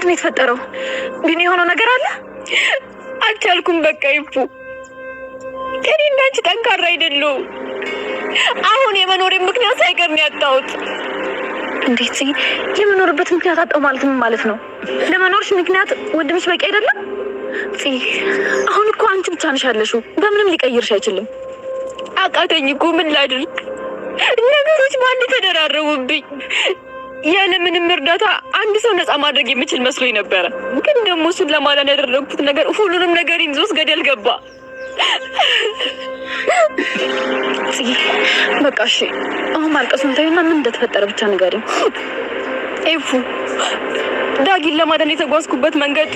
ምንድን ነው የተፈጠረው? ግን የሆነው ነገር አለ። አልቻልኩም። በቃ ይፉ እኔ እንዳንቺ ጠንካራ አይደለሁም። አሁን የመኖሬ ምክንያት ሳይቀር ነው ያጣሁት። እንዴት የምኖርበት ምክንያት አጣው ማለት ምን ማለት ነው? ለመኖርሽ ምክንያት ወንድምሽ በቂ አይደለም። አሁን እኮ አንቺ ብቻ ነሽ ያለሽው፣ በምንም ሊቀይርሽ አይችልም። አቃተኝ እኮ ምን ላድርግ? ነገሮች በአንድ ተደራረቡብኝ። ያለ ምንም እርዳታ አንድ ሰው ነፃ ማድረግ የምችል መስሎኝ ነበረ። ግን ደግሞ እሱን ለማዳን ያደረግኩት ነገር ሁሉንም ነገር ይዞስ ገደል ገባ። በቃ እሺ፣ አሁን ማልቀሱን ታዩና ምን እንደተፈጠረ ብቻ ነገር ኤፉ ዳጊን ለማዳን የተጓዝኩበት መንገድ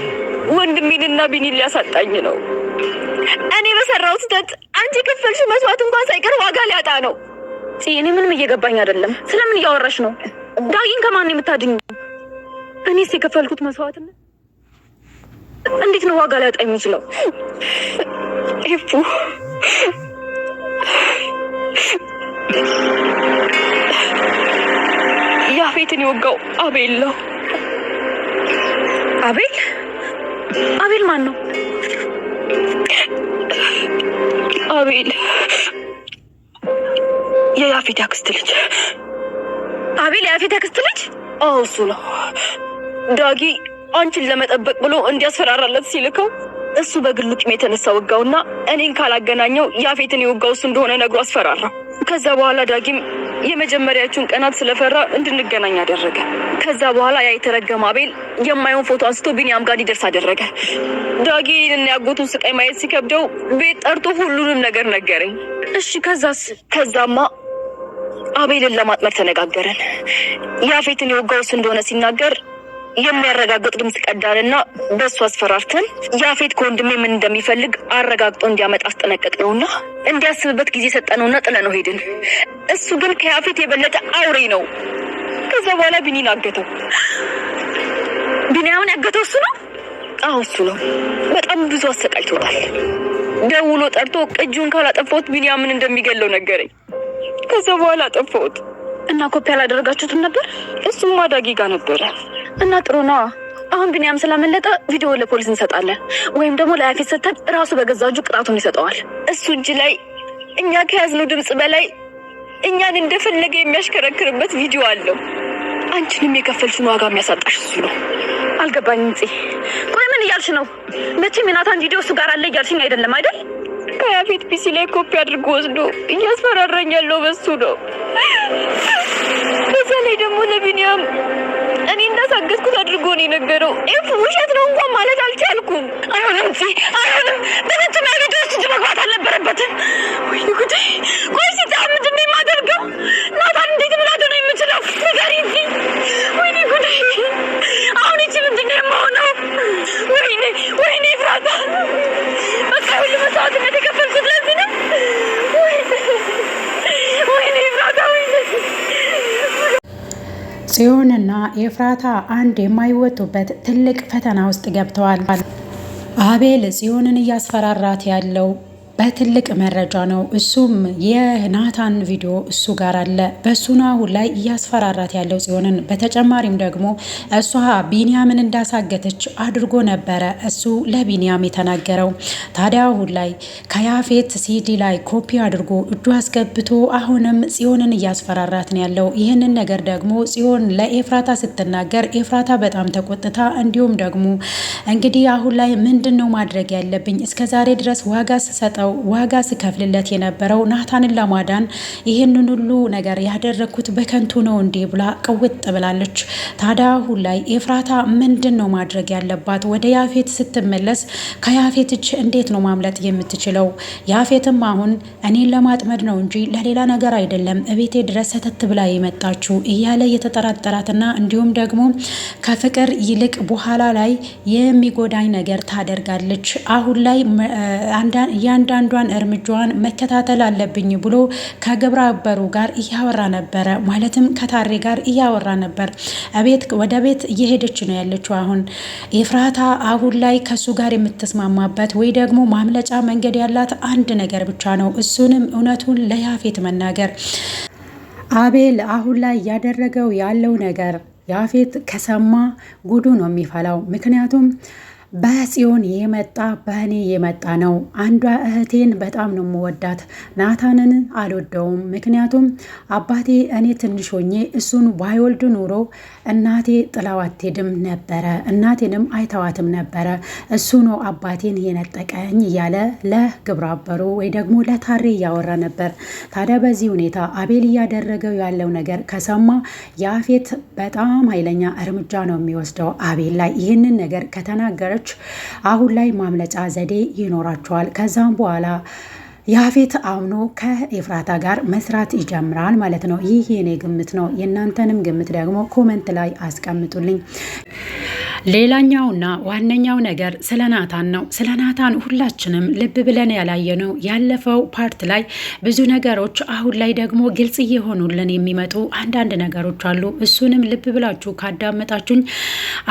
ወንድሜንና ቢኒን ሊያሳጣኝ ነው። እኔ በሰራው ስህተት አንቺ ክፍልሽ መስዋዕት እንኳን ሳይቀር ዋጋ ሊያጣ ነው። እኔ ምንም እየገባኝ አይደለም። ስለምን እያወራሽ ነው? ዳጊን ከማን የምታድኝ? እኔስ የከፈልኩት መስዋዕት እንዴት ነው ዋጋ ሊያጣ የሚችለው? ኤፉ ያፌትን የወጋው አቤል ነው። አቤል አቤል ማን ነው? አቤል የያፌት ያክስት ልጅ። አቤል የያፌት ያክስት ልጅ? አዎ እሱ ነው። ዳጊ አንቺን ለመጠበቅ ብሎ እንዲያስፈራራለት ሲልከው እሱ በግሉ ቂም የተነሳ ወጋውና እኔን ካላገናኘው ያፌትን የወጋው እሱ እንደሆነ ነግሮ አስፈራራው። ከዛ በኋላ ዳጊም የመጀመሪያዎቹን ቀናት ስለፈራ እንድንገናኝ አደረገ። ከዛ በኋላ ያ የተረገመ አቤል የማየውን ፎቶ አንስቶ ቢኒያም ጋር እንዲደርስ አደረገ። ዳጊ እና ያጎቱን ስቃይ ማየት ሲከብደው ቤት ጠርቶ ሁሉንም ነገር ነገረኝ። እሺ ከዛስ? ከዛማ አቤልን ለማጥመር ተነጋገረን። ያፌትን የወጋው እሱ እንደሆነ ሲናገር የሚያረጋግጥ ድምፅ ቀዳንና በሱ አስፈራርተን ያፌት ከወንድሜ ምን እንደሚፈልግ አረጋግጦ እንዲያመጣ አስጠነቀቅ ነውና እንዲያስብበት ጊዜ ሰጠነውና ነው ሄድን። እሱ ግን ከያፌት የበለጠ አውሬ ነው። ከዛ በኋላ ቢኒን አገተው። ቢኒያምን ያገተው እሱ ነው? አዎ እሱ ነው። በጣም ብዙ አሰቃይቶታል። ደውሎ ጠርቶ ቅጁን ካላጠፋሁት ቢኒያምን እንደሚገለው ነገረኝ። ከዛ በኋላ ጠፋሁት እና ኮፒ አላደረጋችሁትም ነበር? እሱም አዳጊ ጋር ነበረ እና ጥሩ ነዋ። አሁን ቢኒያም ስላመለጠ ቪዲዮ ለፖሊስ እንሰጣለን፣ ወይም ደግሞ ለያፌት ሰተን ራሱ በገዛ እጁ ቅጣቱን ይሰጠዋል። እሱ እጅ ላይ እኛ ከያዝነው ድምፅ በላይ እኛን እንደፈለገ የሚያሽከረክርበት ቪዲዮ አለው። አንቺንም የከፈልሽን ዋጋ የሚያሳጣሽ እሱ ነው። አልገባኝ ጽ ቆይ ምን እያልሽ ነው? መቼም የናታን ቪዲዮ እሱ ጋር አለ እያልሽኝ አይደለም አይደል? ከያፌት ፒሲ ላይ ኮፒ አድርጎ ወስዶ እያስፈራራኝ ያለው በሱ ነው። በዛ ላይ ደግሞ ለቢኒያም እንዳሳገዝኩት አድርጎ ነው የነገረው። ኤፍ ውሸት ነው እንኳን ማለት አልቻልኩም። አይሆንም ፂ አይሆንም። በነትና ቤት ውስጥ እጅ መግባት አልነበረበትም። ወይ ጉዴ! ቆይ ሲታ ምንድን ነው የማደርገው? ናታን እንዴት ብላ ነው የምችለው? ንገሪ ፂ። ወይኔ ጉዴ! አሁን ይቺ ምንድን ነው የማሆነው? ጽዮንና ኤፍራታ አንድ የማይወጡበት ትልቅ ፈተና ውስጥ ገብተዋል። አቤል ጽዮንን እያስፈራራት ያለው በትልቅ መረጃ ነው። እሱም የናታን ቪዲዮ እሱ ጋር አለ። በሱን አሁን ላይ እያስፈራራት ያለው ጽዮንን። በተጨማሪም ደግሞ እሷ ቢንያምን እንዳሳገተች አድርጎ ነበረ እሱ ለቢንያም የተናገረው። ታዲያ አሁን ላይ ከያፌት ሲዲ ላይ ኮፒ አድርጎ እጁ አስገብቶ አሁንም ጽዮንን እያስፈራራት ነው ያለው። ይህንን ነገር ደግሞ ጽዮን ለኤፍራታ ስትናገር ኤፍራታ በጣም ተቆጥታ እንዲሁም ደግሞ እንግዲህ አሁን ላይ ምንድን ነው ማድረግ ያለብኝ እስከዛሬ ድረስ ዋጋ ስሰጠው ነው ዋጋ ስከፍልለት የነበረው ናታንን ለማዳን ይህንን ሁሉ ነገር ያደረግኩት በከንቱ ነው እንዴ ብላ ቅውጥ ብላለች። ታዲያ አሁን ላይ ኤፍራታ ምንድን ነው ማድረግ ያለባት? ወደ ያፌት ስትመለስ ከያፌት እጅ እንዴት ነው ማምለጥ የምትችለው? ያፌትም አሁን እኔን ለማጥመድ ነው እንጂ ለሌላ ነገር አይደለም እቤቴ ድረስ ሰተት ብላ የመጣችው እያለ የተጠራጠራትና እንዲሁም ደግሞ ከፍቅር ይልቅ በኋላ ላይ የሚጎዳኝ ነገር ታደርጋለች። አሁን ላይ እያንዳንዱ እያንዳንዷን እርምጃዋን መከታተል አለብኝ ብሎ ከግብረ አበሩ ጋር እያወራ ነበረ። ማለትም ከታሬ ጋር እያወራ ነበር። ቤት ወደ ቤት እየሄደች ነው ያለችው። አሁን ኤፍራታ አሁን ላይ ከሱ ጋር የምትስማማበት ወይ ደግሞ ማምለጫ መንገድ ያላት አንድ ነገር ብቻ ነው። እሱንም እውነቱን ለያፌት መናገር። አቤል አሁን ላይ እያደረገው ያለው ነገር ያፌት ከሰማ ጉዱ ነው የሚፈላው። ምክንያቱም በጽዮን የመጣ በእኔ የመጣ ነው። አንዷ እህቴን በጣም ነው የምወዳት፣ ናታንን አልወደውም። ምክንያቱም አባቴ እኔ ትንሽ ሆኜ እሱን ባይወልድ ኑሮ እናቴ ጥላው አትሄድም ነበረ፣ እናቴንም አይተዋትም ነበረ። እሱ ነው አባቴን የነጠቀኝ እያለ ለግብረ ወይ ደግሞ ለታሬ እያወራ ነበር። ታዲያ በዚህ ሁኔታ አቤል እያደረገው ያለው ነገር ከሰማ ያፌት በጣም ኃይለኛ እርምጃ ነው የሚወስደው አቤል ላይ። ይህንን ነገር ከተናገረች ትችላለች። አሁን ላይ ማምለጫ ዘዴ ይኖራቸዋል። ከዛም በኋላ ያፌት አምኖ ከኤፍራታ ጋር መስራት ይጀምራል ማለት ነው። ይህ የኔ ግምት ነው። የእናንተንም ግምት ደግሞ ኮመንት ላይ አስቀምጡልኝ። ሌላኛውና ዋነኛው ነገር ስለ ናታን ነው። ስለ ናታን ሁላችንም ልብ ብለን ያላየነው ያለፈው ፓርት ላይ ብዙ ነገሮች፣ አሁን ላይ ደግሞ ግልጽ እየሆኑልን የሚመጡ አንዳንድ ነገሮች አሉ። እሱንም ልብ ብላችሁ ካዳመጣችሁኝ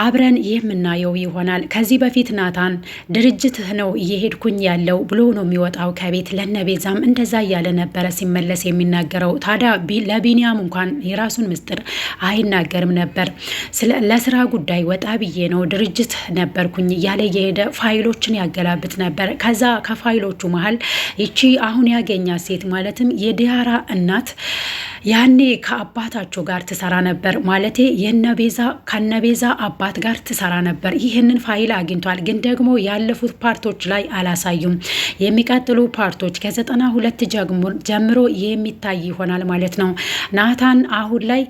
አብረን የምናየው ይሆናል። ከዚህ በፊት ናታን ድርጅት ነው እየሄድኩኝ ያለው ብሎ ነው የሚወጣው ከቤት ለነቤዛም እንደዛ እያለ ነበረ ሲመለስ የሚናገረው። ታዲያ ለቢንያም እንኳን የራሱን ምስጢር አይናገርም ነበር ለስራ ጉዳይ ወጣ ብዬ ነው ድርጅት ነበርኩኝ እያለ የሄደ ፋይሎችን ያገላብጥ ነበር። ከዛ ከፋይሎቹ መሀል ይቺ አሁን ያገኛ ሴት ማለትም የዲያራ እናት ያኔ ከአባታቸው ጋር ትሰራ ነበር ማለቴ የነቤዛ ከነቤዛ አባት ጋር ትሰራ ነበር። ይህንን ፋይል አግኝቷል፣ ግን ደግሞ ያለፉት ፓርቶች ላይ አላሳዩም። የሚቀጥሉ ፓርቶች ከዘጠና ሁለት ጀምሮ የሚታይ ይሆናል ማለት ነው። ናታን አሁን ላይ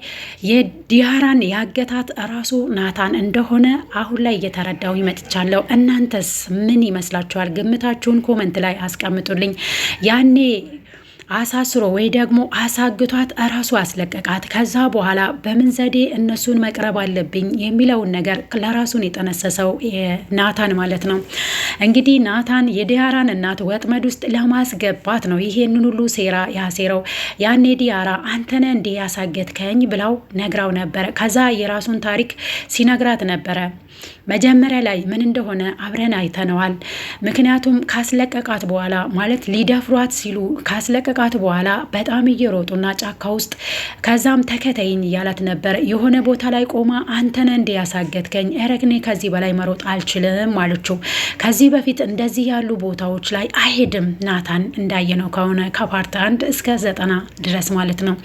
የዲያራን ያገታት ራሱ ናታን እንደሆነ አሁን ላይ እየተረዳሁ መጥቻለሁ። እናንተስ ምን ይመስላችኋል? ግምታችሁን ኮመንት ላይ አስቀምጡልኝ። ያኔ አሳስሮ ወይ ደግሞ አሳግቷት እራሱ አስለቀቃት። ከዛ በኋላ በምን ዘዴ እነሱን መቅረብ አለብኝ የሚለውን ነገር ለራሱን የጠነሰሰው ናታን ማለት ነው። እንግዲህ ናታን የዲያራን እናት ወጥመድ ውስጥ ለማስገባት ነው ይሄንን ሁሉ ሴራ ያሴረው። ያኔ ዲያራ አንተነ እንዲህ ያሳገትከኝ ብላው ነግራው ነበረ። ከዛ የራሱን ታሪክ ሲነግራት ነበረ መጀመሪያ ላይ ምን እንደሆነ አብረን አይተነዋል። ምክንያቱም ካስለቀቃት በኋላ ማለት ሊደፍሯት ሲሉ ካስለቀቃት በኋላ በጣም እየሮጡና ጫካ ውስጥ ከዛም ተከተይኝ እያላት ነበር። የሆነ ቦታ ላይ ቆማ አንተነ እንዲ ያሳገትከኝ ረግኔ ከዚህ በላይ መሮጥ አልችልም አለችው። ከዚህ በፊት እንደዚህ ያሉ ቦታዎች ላይ አይሄድም ናታን እንዳየነው ከሆነ ከፓርት አንድ እስከ ዘጠና ድረስ ማለት ነው።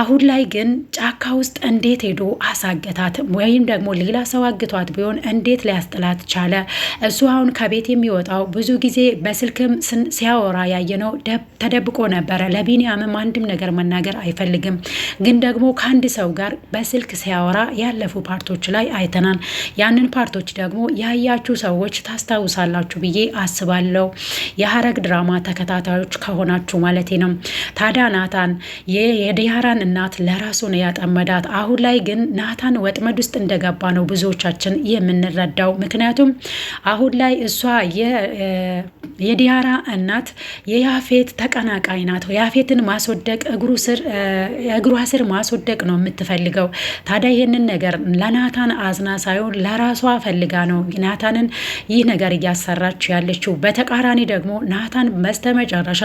አሁን ላይ ግን ጫካ ውስጥ እንዴት ሄዶ አሳገታት ወይም ደግሞ ሌላ ሰው አግቷል አስጠልቷት ቢሆን እንዴት ሊያስጥላት ቻለ? እሱ አሁን ከቤት የሚወጣው ብዙ ጊዜ በስልክም ሲያወራ ያየነው ተደብቆ ነበረ። ለቢኒያምም አንድም ነገር መናገር አይፈልግም። ግን ደግሞ ከአንድ ሰው ጋር በስልክ ሲያወራ ያለፉ ፓርቶች ላይ አይተናል። ያንን ፓርቶች ደግሞ ያያችሁ ሰዎች ታስታውሳላችሁ ብዬ አስባለሁ። የሀረግ ድራማ ተከታታዮች ከሆናችሁ ማለት ነው። ታዲያ ናታን የዲያራን እናት ለራሱ ነው ያጠመዳት። አሁን ላይ ግን ናታን ወጥመድ ውስጥ እንደገባ ነው ብዙዎቻችን ነገሮችን የምንረዳው። ምክንያቱም አሁን ላይ እሷ የዲያራ እናት የያፌት ተቀናቃይ ናት። ያፌትን ማስወደቅ እግሯ ስር ማስወደቅ ነው የምትፈልገው። ታዲያ ይህንን ነገር ለናታን አዝና ሳይሆን ለራሷ ፈልጋ ነው ናታንን ይህ ነገር እያሰራች ያለችው። በተቃራኒ ደግሞ ናታን በስተመጨረሻ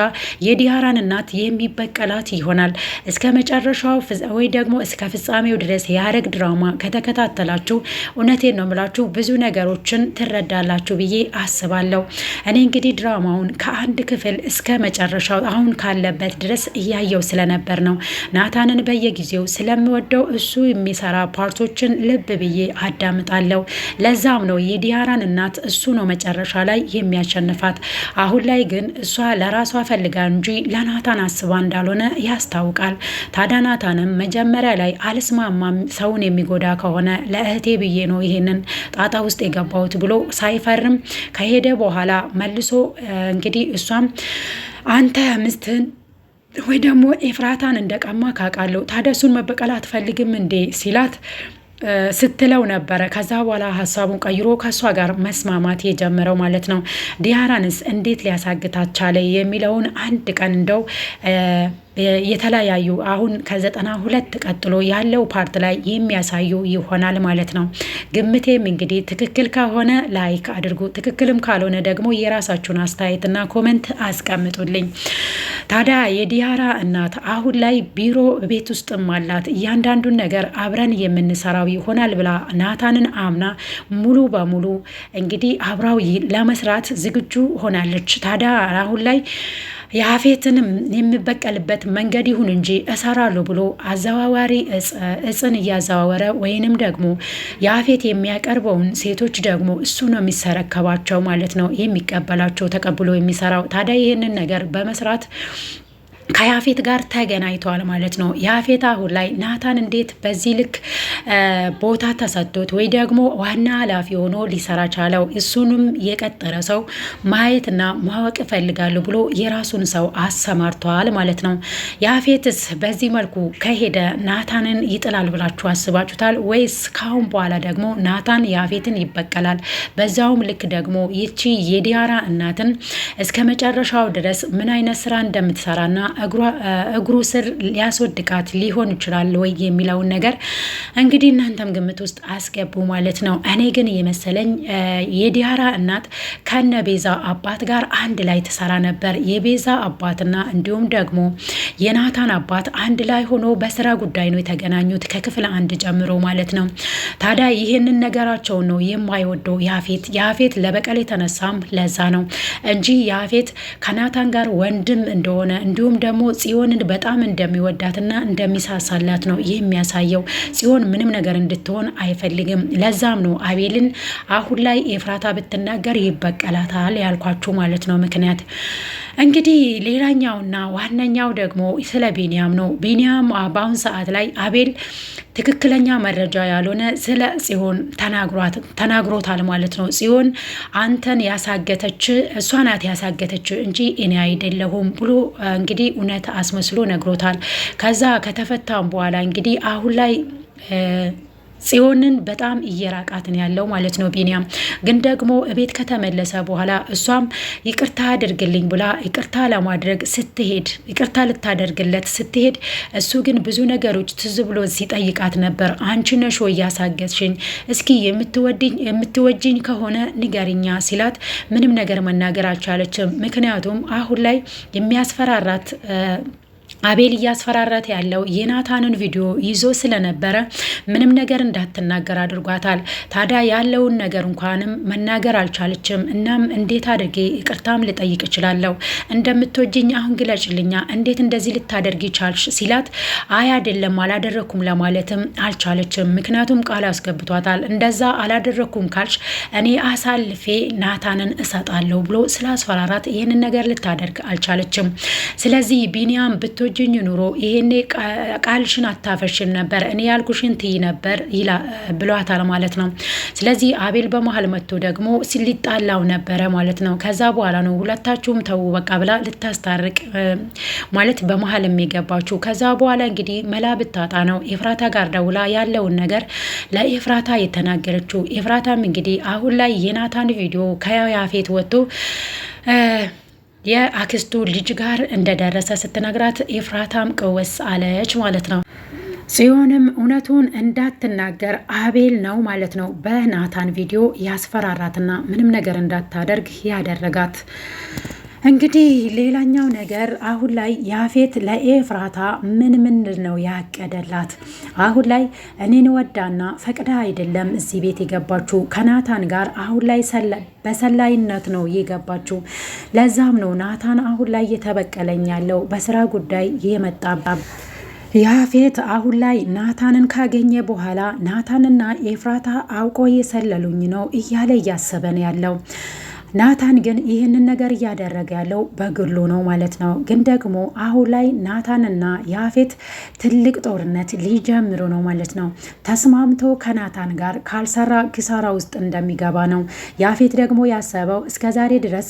የዲያራን እናት የሚበቀላት ይሆናል። እስከ መጨረሻው ወይ ደግሞ እስከ ፍጻሜው ድረስ የሐረግ ድራማ ከተከታተላችሁ እውነቴ እውነቴን ነው የምላችሁ ብዙ ነገሮችን ትረዳላችሁ ብዬ አስባለሁ። እኔ እንግዲህ ድራማውን ከአንድ ክፍል እስከ መጨረሻው አሁን ካለበት ድረስ እያየው ስለነበር ነው ናታንን በየጊዜው ስለምወደው እሱ የሚሰራ ፓርቶችን ልብ ብዬ አዳምጣለሁ። ለዛም ነው የዲያራን እናት እሱ ነው መጨረሻ ላይ የሚያሸንፋት። አሁን ላይ ግን እሷ ለራሷ ፈልጋ እንጂ ለናታን አስባ እንዳልሆነ ያስታውቃል። ታዲያ ናታንም መጀመሪያ ላይ አልስማማም፣ ሰውን የሚጎዳ ከሆነ ለእህቴ ብዬ ነው ይሄን ይህንን ጣጣ ውስጥ የገባሁት ብሎ ሳይፈርም ከሄደ በኋላ መልሶ እንግዲህ እሷም አንተ ምስትህን ወይ ደግሞ ኤፍራታን እንደቀማ ካቃለው ታዲያ እሱን መበቀል አትፈልግም እንዴ ሲላት ስትለው ነበረ። ከዛ በኋላ ሀሳቡን ቀይሮ ከእሷ ጋር መስማማት የጀመረው ማለት ነው። ዲያራንስ እንዴት ሊያሳግታት ቻለ የሚለውን አንድ ቀን እንደው የተለያዩ አሁን ከዘጠና ሁለት ቀጥሎ ያለው ፓርት ላይ የሚያሳዩ ይሆናል ማለት ነው። ግምቴም እንግዲህ ትክክል ከሆነ ላይክ አድርጉ፣ ትክክልም ካልሆነ ደግሞ የራሳችሁን አስተያየትና ኮመንት አስቀምጡልኝ። ታዲያ የዲያራ እናት አሁን ላይ ቢሮ ቤት ውስጥም አላት እያንዳንዱን ነገር አብረን የምንሰራው ይሆናል ብላ ናታንን አምና ሙሉ በሙሉ እንግዲህ አብራው ለመስራት ዝግጁ ሆናለች። ታዲያ አሁን ላይ የሀፌትንም የሚበቀልበት መንገድ ይሁን እንጂ እሰራሉ ብሎ አዘዋዋሪ እጽን እያዘዋወረ ወይንም ደግሞ የሀፌት የሚያቀርበውን ሴቶች ደግሞ እሱ ነው የሚሰረከባቸው ማለት ነው የሚቀበላቸው ተቀብሎ የሚሰራው። ታዲያ ይህንን ነገር በመስራት ከያፌት ጋር ተገናኝተዋል ማለት ነው። ያፌት አሁን ላይ ናታን እንዴት በዚህ ልክ ቦታ ተሰጥቶት ወይ ደግሞ ዋና ኃላፊ ሆኖ ሊሰራ ቻለው? እሱንም የቀጠረ ሰው ማየትና ማወቅ እፈልጋለሁ ብሎ የራሱን ሰው አሰማርተዋል ማለት ነው። ያፌትስ በዚህ መልኩ ከሄደ ናታንን ይጥላል ብላችሁ አስባችሁታል ወይስ? ካሁን በኋላ ደግሞ ናታን ያፌትን ይበቀላል። በዛውም ልክ ደግሞ ይቺ የዲያራ እናትን እስከ መጨረሻው ድረስ ምን አይነት ስራ እንደምትሰራና እግሩ ስር ሊያስወድቃት ሊሆን ይችላል ወይ የሚለውን ነገር እንግዲህ እናንተም ግምት ውስጥ አስገቡ ማለት ነው። እኔ ግን የመሰለኝ የዲያራ እናት ከነ ቤዛ አባት ጋር አንድ ላይ ትሰራ ነበር። የቤዛ አባትና እንዲሁም ደግሞ የናታን አባት አንድ ላይ ሆኖ በስራ ጉዳይ ነው የተገናኙት ከክፍል አንድ ጀምሮ ማለት ነው። ታዲያ ይህንን ነገራቸውን ነው የማይወደው ያፌት። ያፌት ለበቀል የተነሳም ለዛ ነው እንጂ ያፌት ከናታን ጋር ወንድም እንደሆነ እንዲሁም ደግሞ ጽዮንን በጣም እንደሚወዳትና እንደሚሳሳላት ነው ይህ የሚያሳየው። ጽዮን ምንም ነገር እንድትሆን አይፈልግም። ለዛም ነው አቤልን አሁን ላይ ኤፍራታ ብትናገር ይበቀላታል ያልኳችሁ ማለት ነው። ምክንያት እንግዲህ ሌላኛውና ዋነኛው ደግሞ ስለ ቢንያም ነው። ቢንያም በአሁን ሰዓት ላይ አቤል ትክክለኛ መረጃ ያልሆነ ስለ ጽዮን ተናግሮታል ማለት ነው። ጽዮን አንተን ያሳገተች እሷ ናት ያሳገተች እንጂ እኔ አይደለሁም ብሎ እንግዲህ እውነት አስመስሎ ነግሮታል። ከዛ ከተፈታም በኋላ እንግዲህ አሁን ላይ ጽዮንን በጣም እየራቃትን ያለው ማለት ነው ቢኒያም። ግን ደግሞ እቤት ከተመለሰ በኋላ እሷም ይቅርታ አድርግልኝ ብላ ይቅርታ ለማድረግ ስትሄድ ይቅርታ ልታደርግለት ስትሄድ እሱ ግን ብዙ ነገሮች ትዝ ብሎ ሲጠይቃት ነበር። አንቺ ነሽ ወይ እስኪ የምትወጅኝ ከሆነ ንገርኛ ሲላት ምንም ነገር መናገር አልቻለችም። ምክንያቱም አሁን ላይ የሚያስፈራራት አቤል እያስፈራራት ያለው የናታንን ቪዲዮ ይዞ ስለነበረ ምንም ነገር እንዳትናገር አድርጓታል። ታዲያ ያለውን ነገር እንኳንም መናገር አልቻለችም። እናም እንዴት አድርጌ ይቅርታም ልጠይቅ እችላለሁ? እንደምትወጅኝ አሁን ግለጭልኛ፣ እንዴት እንደዚህ ልታደርግ ይቻልሽ? ሲላት አይ አይደለም አላደረኩም ለማለትም አልቻለችም። ምክንያቱም ቃል አስገብቷታል። እንደዛ አላደረኩም ካልሽ እኔ አሳልፌ ናታንን እሰጣለሁ ብሎ ስላስፈራራት ይህንን ነገር ልታደርግ አልቻለችም። ስለዚህ ቢኒያም ብት ባትወጂኝ ኑሮ ይሄኔ ቃልሽን አታፈሽም ነበር፣ እኔ ያልኩሽን ትይ ነበር ብሏታል ማለት ነው። ስለዚህ አቤል በመሀል መጥቶ ደግሞ ሊጣላው ነበረ ማለት ነው። ከዛ በኋላ ነው ሁለታችሁም ተው በቃ ብላ ልታስታርቅ ማለት በመሀል የሚገባችሁ። ከዛ በኋላ እንግዲህ መላ ብታጣ ነው ኤፍራታ ጋር ደውላ ያለውን ነገር ለኤፍራታ የተናገረችው። ኤፍራታም እንግዲህ አሁን ላይ የናታን ቪዲዮ ከያፌት ወጥቶ የአክስቱ ልጅ ጋር እንደደረሰ ስትነግራት ኤፍራታም ቅውስ አለች ማለት ነው። ጽዮንም እውነቱን እንዳትናገር አቤል ነው ማለት ነው በናታን ቪዲዮ ያስፈራራትና ምንም ነገር እንዳታደርግ ያደረጋት እንግዲህ ሌላኛው ነገር አሁን ላይ ያፌት ለኤፍራታ ምን ምንድን ነው ያቀደላት? አሁን ላይ እኔን ወዳና ፈቅዳ አይደለም እዚህ ቤት የገባችሁ ከናታን ጋር አሁን ላይ በሰላይነት ነው የገባችሁ። ለዛም ነው ናታን አሁን ላይ እየተበቀለኝ ያለው በስራ ጉዳይ የመጣባ ያፌት አሁን ላይ ናታንን ካገኘ በኋላ ናታንና ኤፍራታ አውቆ የሰለሉኝ ነው እያለ እያሰበን ያለው ናታን ግን ይህንን ነገር እያደረገ ያለው በግሉ ነው ማለት ነው። ግን ደግሞ አሁን ላይ ናታንና ያፌት ትልቅ ጦርነት ሊጀምሩ ነው ማለት ነው። ተስማምቶ ከናታን ጋር ካልሰራ ኪሳራ ውስጥ እንደሚገባ ነው። ያፌት ደግሞ ያሰበው እስከ ዛሬ ድረስ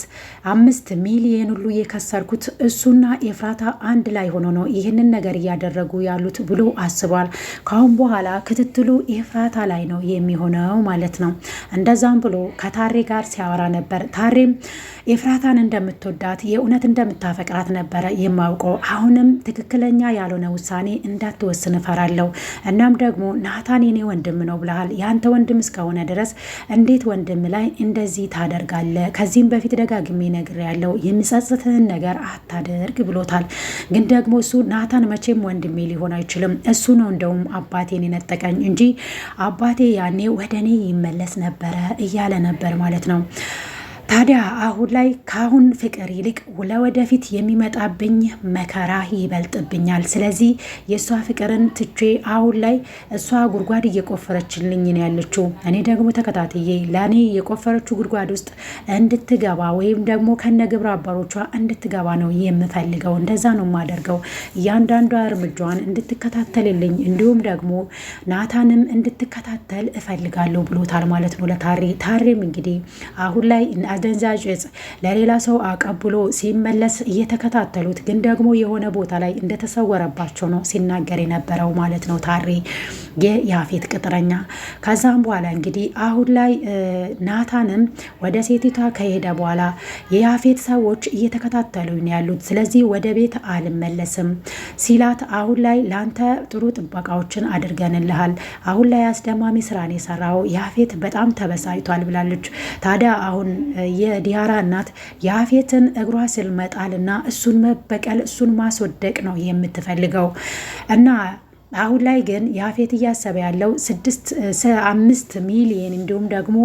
አምስት ሚሊየን ሁሉ የከሰርኩት እሱና ኤፍራታ አንድ ላይ ሆኖ ነው ይህንን ነገር እያደረጉ ያሉት ብሎ አስቧል። ካሁን በኋላ ክትትሉ ኤፍራታ ላይ ነው የሚሆነው ማለት ነው። እንደዛም ብሎ ከታሬ ጋር ሲያወራ ነበር። ብታሬም ኤፍራታን እንደምትወዳት የእውነት እንደምታፈቅራት ነበረ የማውቀው። አሁንም ትክክለኛ ያልሆነ ውሳኔ እንዳትወስን እፈራለሁ። እናም ደግሞ ናታን የኔ ወንድም ነው ብለሃል። ያንተ ወንድም እስከሆነ ድረስ እንዴት ወንድም ላይ እንደዚህ ታደርጋለህ? ከዚህም በፊት ደጋግሜ ነግሬያለሁ፣ የሚጸጽትህን ነገር አታደርግ ብሎታል። ግን ደግሞ እሱ ናታን መቼም ወንድሜ ሊሆን አይችልም፣ እሱ ነው እንደውም አባቴን የነጠቀኝ እንጂ አባቴ ያኔ ወደ እኔ ይመለስ ነበረ እያለ ነበር ማለት ነው። ታዲያ አሁን ላይ ከአሁን ፍቅር ይልቅ ለወደፊት የሚመጣብኝ መከራ ይበልጥብኛል። ስለዚህ የእሷ ፍቅርን ትቼ አሁን ላይ እሷ ጉድጓድ እየቆፈረችልኝ ነው ያለችው። እኔ ደግሞ ተከታትዬ ለእኔ የቆፈረችው ጉድጓድ ውስጥ እንድትገባ ወይም ደግሞ ከነ ግብረ አባሮቿ እንድትገባ ነው የምፈልገው። እንደዛ ነው የማደርገው። እያንዳንዷ እርምጃዋን እንድትከታተልልኝ እንዲሁም ደግሞ ናታንም እንድትከታተል እፈልጋለሁ ብሎታል ማለት ነው ለታሬ። ታሬም እንግዲህ አሁን ላይ አደንዛዥ እጽ ለሌላ ሰው አቀብሎ ሲመለስ እየተከታተሉት ግን ደግሞ የሆነ ቦታ ላይ እንደተሰወረባቸው ነው ሲናገር የነበረው ማለት ነው ታሬ የያፌት ቅጥረኛ። ከዛም በኋላ እንግዲህ አሁን ላይ ናታንም ወደ ሴቲቷ ከሄደ በኋላ የያፌት ሰዎች እየተከታተሉ ያሉት፣ ስለዚህ ወደ ቤት አልመለስም ሲላት አሁን ላይ ለአንተ ጥሩ ጥበቃዎችን አድርገንልሃል አሁን ላይ አስደማሚ ስራን የሰራው ያፌት በጣም ተበሳጭቷል ብላለች። ታዲያ አሁን የዲያራ እናት የአፌትን እግሯ ስር መጣልና እሱን መበቀል እሱን ማስወደቅ ነው የምትፈልገው እና አሁን ላይ ግን የአፌት እያሰበ ያለው ስድስት አምስት ሚሊየን እንዲሁም ደግሞ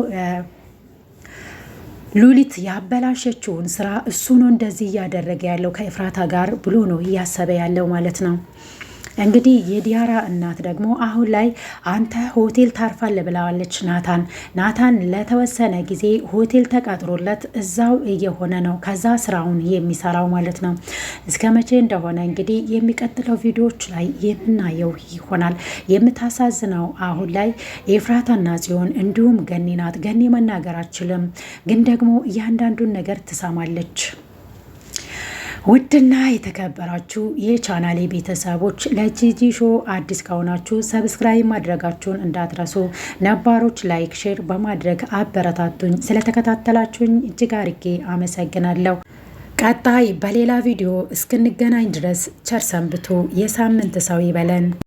ሉሊት ያበላሸችውን ስራ እሱ ነው እንደዚህ እያደረገ ያለው ከኤፍራታ ጋር ብሎ ነው እያሰበ ያለው ማለት ነው። እንግዲህ የዲያራ እናት ደግሞ አሁን ላይ አንተ ሆቴል ታርፋለ ብለዋለች ናታን። ናታን ለተወሰነ ጊዜ ሆቴል ተቀጥሮለት እዛው እየሆነ ነው ከዛ ስራውን የሚሰራው ማለት ነው። እስከ መቼ እንደሆነ እንግዲህ የሚቀጥለው ቪዲዮዎች ላይ የምናየው ይሆናል። የምታሳዝነው አሁን ላይ ኤፍራታና ጽዮን እንዲሁም ገኒ ናት። ገኒ መናገር አችልም፣ ግን ደግሞ እያንዳንዱን ነገር ትሰማለች። ውድና የተከበራችሁ የቻናሌ ቤተሰቦች ለጂጂ ሾ አዲስ ከሆናችሁ ሰብስክራይብ ማድረጋችሁን እንዳትረሱ፣ ነባሮች ላይክ፣ ሼር በማድረግ አበረታቱኝ። ስለተከታተላችሁኝ እጅግ አርጌ አመሰግናለሁ። ቀጣይ በሌላ ቪዲዮ እስክንገናኝ ድረስ ቸር ሰንብቱ። የሳምንት ሰው ይበለን።